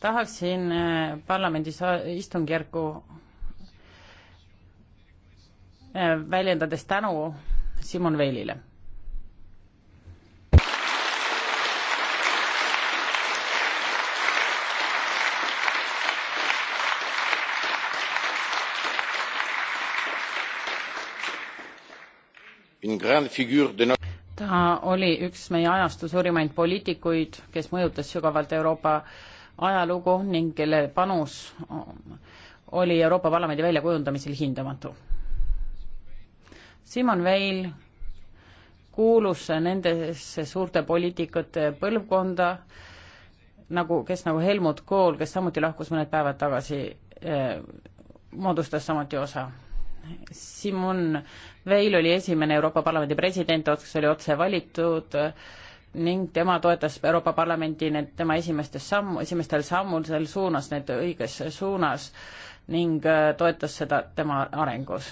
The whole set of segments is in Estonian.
tahaksin äh, parlamendis istungjärku äh, väljendades tänu Simon Veilile. ta oli üks meie ajastu suurimaid poliitikuid, kes mõjutas sügavalt Euroopa ajalugu ning kelle panus oli Euroopa Parlamendi väljakujundamisel hindamatu. Simon Veil kuulus nendesse suurte poliitikute põlvkonda, nagu, kes nagu Helmut Kohl, kes samuti lahkus mõned päevad tagasi eh,, moodustas samuti osa. Simon Veil oli esimene Euroopa Parlamendi president, kes oli otse valitud eh,, ning tema toetas Euroopa Parlamenti need tema esimestes sammu, esimestel sammul sel suunas, need õiges suunas ning äh, toetas seda tema arengus.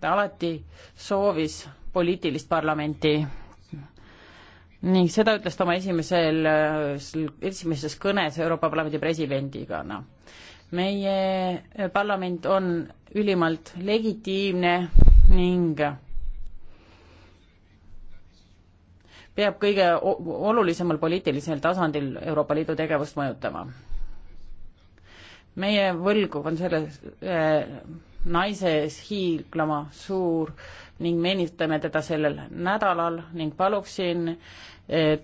ta alati soovis poliitilist parlamenti ning seda ütles ta oma esimesel, äh, esimeses kõnes Euroopa Parlamendi presidendiga, noh. meie äh, parlament on ülimalt legitiimne ning peab kõige olulisemal poliitilisel tasandil Euroopa Liidu tegevust mõjutama. meie võlg on selles äh, eh, naises hiiglama suur ning meenutame teda sellel nädalal ning paluksin äh,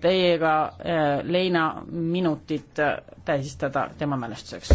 teiega äh, eh, leinaminutit tähistada tema mälestuseks.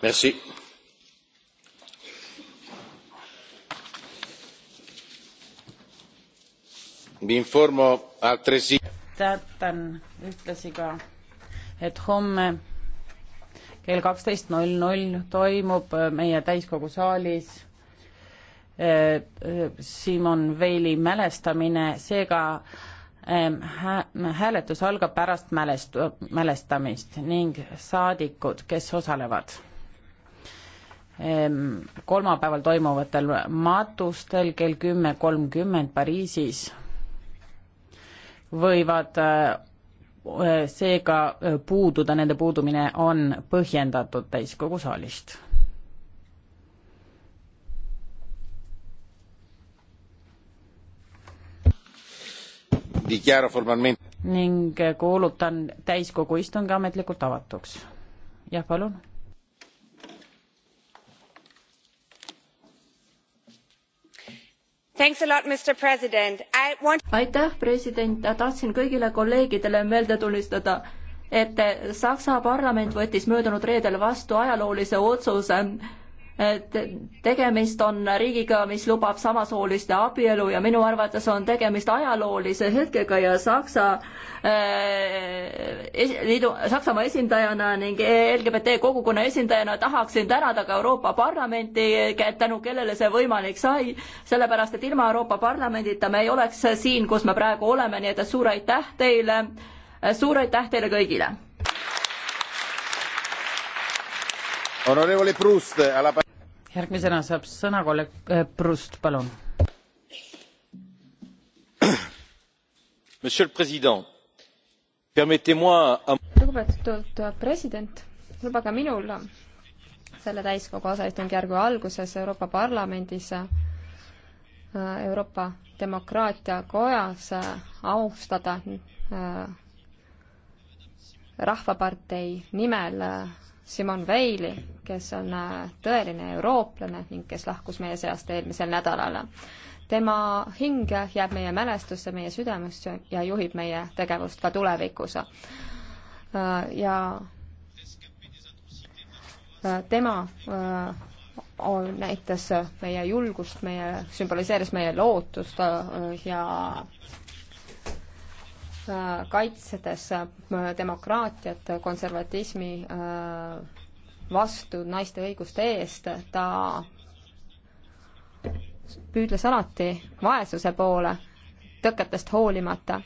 vi informo altresì teatan ühtlasi ka et homme kell kaksteist null null toimub äh, meie täiskogu saalis äh, äh, Simon Veili mälestamine, seega ähm, hääletus algab pärast mälest-, mälestamist ning saadikud, kes osalevad Ehm, kolmapäeval toimuvatel matustel kell kümme kolmkümmend Pariisis võivad eh, eh, seega eh, puududa, nende puudumine on põhjendatud täiskogu saalist. ning kuulutan täiskogu istungi ametlikult avatuks. jah, palun aitäh, president, tahtsin kõigile kolleegidele meelde tunnistada, et Saksa parlament võttis möödunud reedel vastu ajaloolise otsuse tegemist on riigiga, mis lubab samasooliste abielu ja minu arvates on tegemist ajaloolise hetkega ja Saksa eh, liidu, Saksamaa esindajana ning LGBT kogukonna esindajana tahaksin tänada ka Euroopa Parlamenti, tänu kellele see võimalik sai, sellepärast et ilma Euroopa Parlamendita me ei oleks siin, kus me praegu oleme, nii et suur aitäh teile, suur aitäh teile kõigile! onorevole proust alla järgmisena saab sõna kolleeg äh, Proust, palun. lugupeetud äh, president, lubage minul selle täiskogu aseistungjärgu alguses Euroopa Parlamendis äh, Euroopa Demokraatia Kojas austada Rahvapartei nimel Simon Veili, kes on äh, tõeline eurooplane ning kes lahkus meie seast eelmisel nädalal. tema hing jääb meie mälestusse, meie südamesse ja juhib meie tegevust ka tulevikus. Äh, ja äh, tema on, näitas meie julgust, meie, sümboliseeris meie lootust ja kaitsedes äh, demokraatiat konservatismi äh, vastu naiste õiguste eest, ta püüdles alati vaesuse poole, tõketest hoolimata.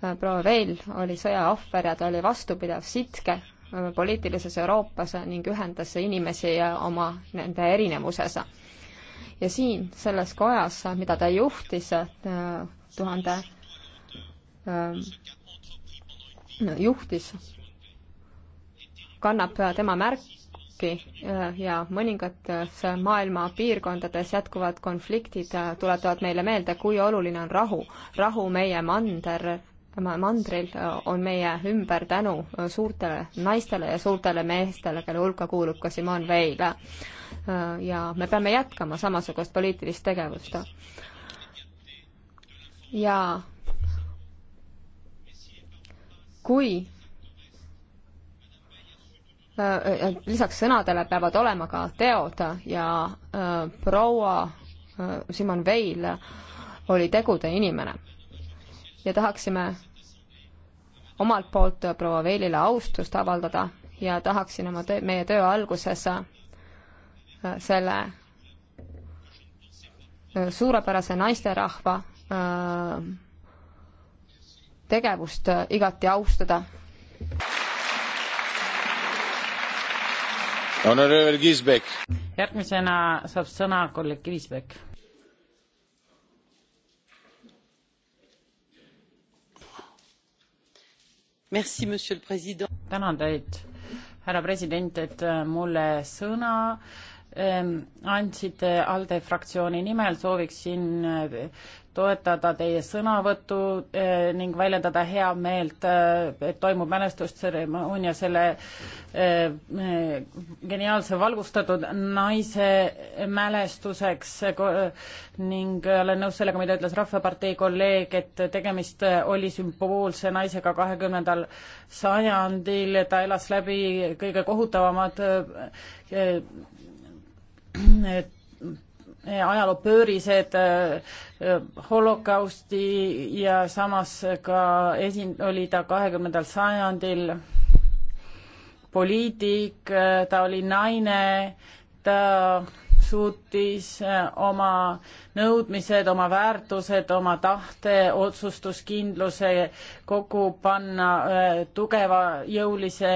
Äh, proua Veil oli sõja ohver ja ta oli vastupidav, sitke poliitilises Euroopas ning ühendas inimesi oma nende erinevuses. ja siin selles kojas, mida ta juhtis tuhande Äh, juhtis, kannab tema märki äh, ja mõningates äh, maailma piirkondades jätkuvad konfliktid tuletavad meile meelde, kui oluline on rahu. rahu meie mander, mandril on meie ümber tänu suurtele naistele ja suurtele meestele, kelle hulka kuulub ka Simone Veil. ja me peame jätkama samasugust poliitilist tegevust. ja kui äh, äh, lisaks sõnadele peavad olema ka teod ja äh, proua Simon Veil oli tegude inimene. ja tahaksime omalt poolt proua Veilile austust avaldada ja tahaksin oma töö, meie töö alguses selle suurepärase naisterahva öö, tegevust äh, igati austada. järgmisena saab sõna kolleeg Kivisbek. tänan teid, härra president, et äh, mulle sõna Ehm, andsite äh, ALDE fraktsiooni nimel, sooviksin äh, toetada teie sõnavõttu äh, ning väljendada heameelt, et toimub mälestustseremoonia selle geniaalse valgustatud naise mälestuseks ning olen nõus sellega, mida ütles Rahvapartei kolleeg, et tegemist oli sümboolse naisega kahekümnendal sajandil, ta elas läbi kõige kohutavamad ajaloo pöörised äh, holokausti ja samas ka esin-, oli ta kahekümnendal sajandil poliitik, äh, ta oli naine, ta suutis äh, oma nõudmised, oma väärtused, oma tahte, otsustuskindluse kokku panna tugeva jõulise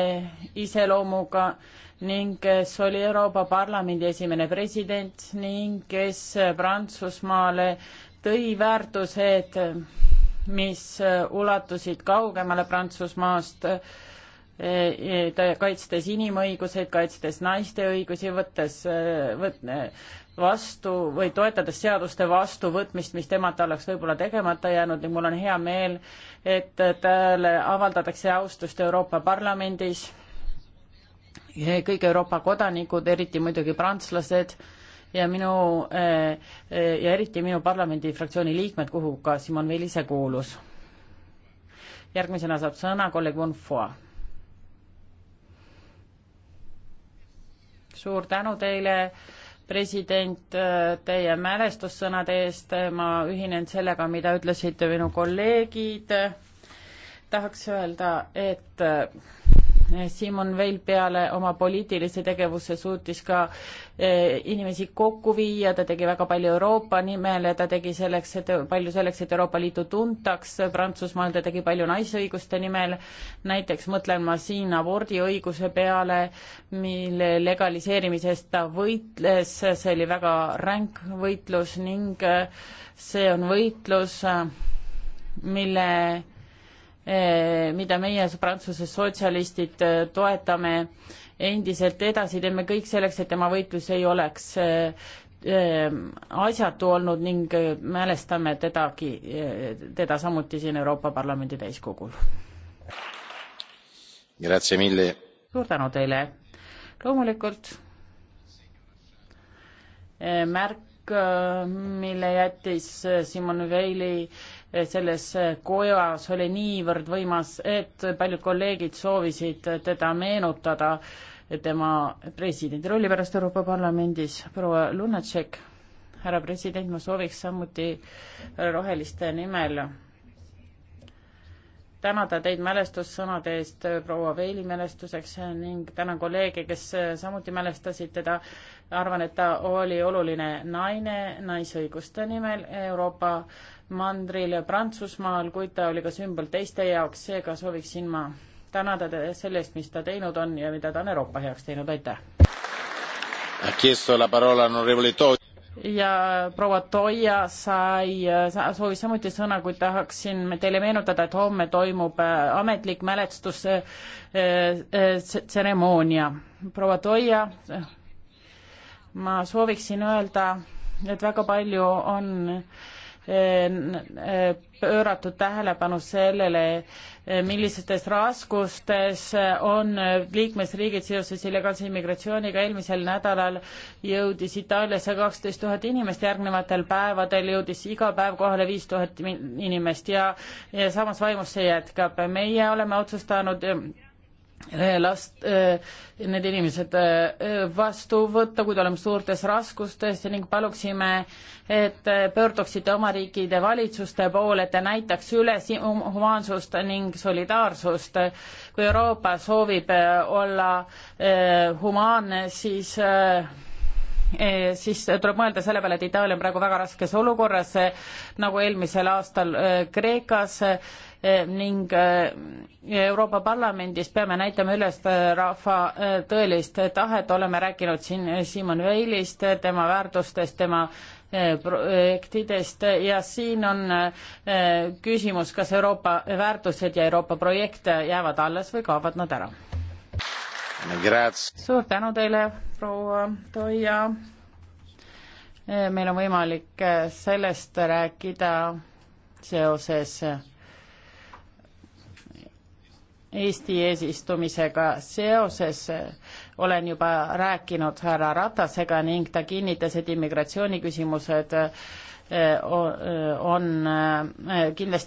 iseloomuga äh, ning kes oli Euroopa Parlamendi esimene president ning kes Prantsusmaale tõi väärtused, mis ulatusid kaugemale Prantsusmaast, e, e, kaitstes inimõiguseid, kaitstes naiste õigusi, võttes e, võt, vastu või toetades seaduste vastuvõtmist, mis temalt oleks võib-olla tegemata jäänud ning mul on hea meel, et talle avaldatakse austust Euroopa Parlamendis kõik Euroopa kodanikud, eriti muidugi prantslased ja minu eh, eh, ja eriti minu parlamendifraktsiooni liikmed, kuhu ka Simon Veil ise kuulus. järgmisena saab sõna kolleeg Bonfoy. suur tänu teile, president, teie mälestussõnade eest, ma ühinen sellega, mida ütlesid minu kolleegid, tahaks öelda, et Simon Veil peale oma poliitilise tegevuse suutis ka eh, inimesi kokku viia, ta tegi väga palju Euroopa nimel, ta tegi selleks, et palju selleks, et Euroopa Liitu tuntaks, Prantsusmaal ta tegi palju naisõiguste nimel, näiteks mõtlen ma siin abordiõiguse peale, mille legaliseerimise eest ta võitles, see oli väga ränk võitlus ning eh, see on võitlus, eh, mille Eh, mida meie, prantsuse sotsialistid, eh, toetame endiselt edasi, teeme kõik selleks, et tema võitlus ei oleks eh, asjatu olnud ning mälestame tedagi, teda samuti siin Euroopa Parlamendi täiskogul. suur tänu teile. loomulikult märk, mille jättis Simon Veili selles kojas oli niivõrd võimas, et paljud kolleegid soovisid teda meenutada tema presidendi rolli pärast Euroopa Parlamendis. proua Lunatšek, härra president, ma sooviks samuti roheliste nimel tänada teid mälestussõnade eest proua Veili mälestuseks ning tänan kolleege, kes äh, samuti mälestasid teda. arvan, et ta oli oluline naine naisõiguste nimel Euroopa mandril Prantsusmaal, kuid ta oli ka sümbol teiste jaoks, seega sooviksin ma tänada teda selle eest, mis ta teinud on ja mida ta on Euroopa heaks teinud, aitäh! ja proua Toia sai, soovis samuti sõna, kuid tahaksin teile meenutada, et homme toimub äh, ametlik mälestustseremoonia. Äh, äh, proua Toia, ma sooviksin öelda, et väga palju on äh, Eh, pööratud tähelepanu sellele, eh, millistes raskustes on liikmesriigid seoses illegaalse immigratsiooniga. eelmisel nädalal jõudis Itaaliasse kaksteist tuhat inimest, järgnevatel päevadel jõudis iga päev kohale viis tuhat inimest ja, ja samas vaimus see jätkab. meie oleme otsustanud Eh, last, eh, need inimesed eh, vastu võtta, kui te oleme suurtes raskustes ning paluksime, et pöörduksite oma riikide valitsuste poole, et te näitaks üles humaansust ning solidaarsust. kui Euroopa soovib olla humaanne, siis Eh, siis tuleb mõelda selle peale, et Itaalia on praegu väga raskes olukorras, eh, nagu eelmisel aastal eh, Kreekas ning Euroopa Parlamendis peame näitama üles rahva tõelist tahet, oleme rääkinud siin Simon Veilist, tema väärtustest, tema projektidest ja siin on küsimus, kas Euroopa väärtused ja Euroopa projekt jäävad alles või kaovad nad ära suur tänu teile, proua Toia. meil on võimalik eh, sellest rääkida seoses Eesti eesistumisega seoses eh, olen juba rääkinud härra Ratasega ning ta kinnitas, et immigratsiooniküsimused eh, on kindlasti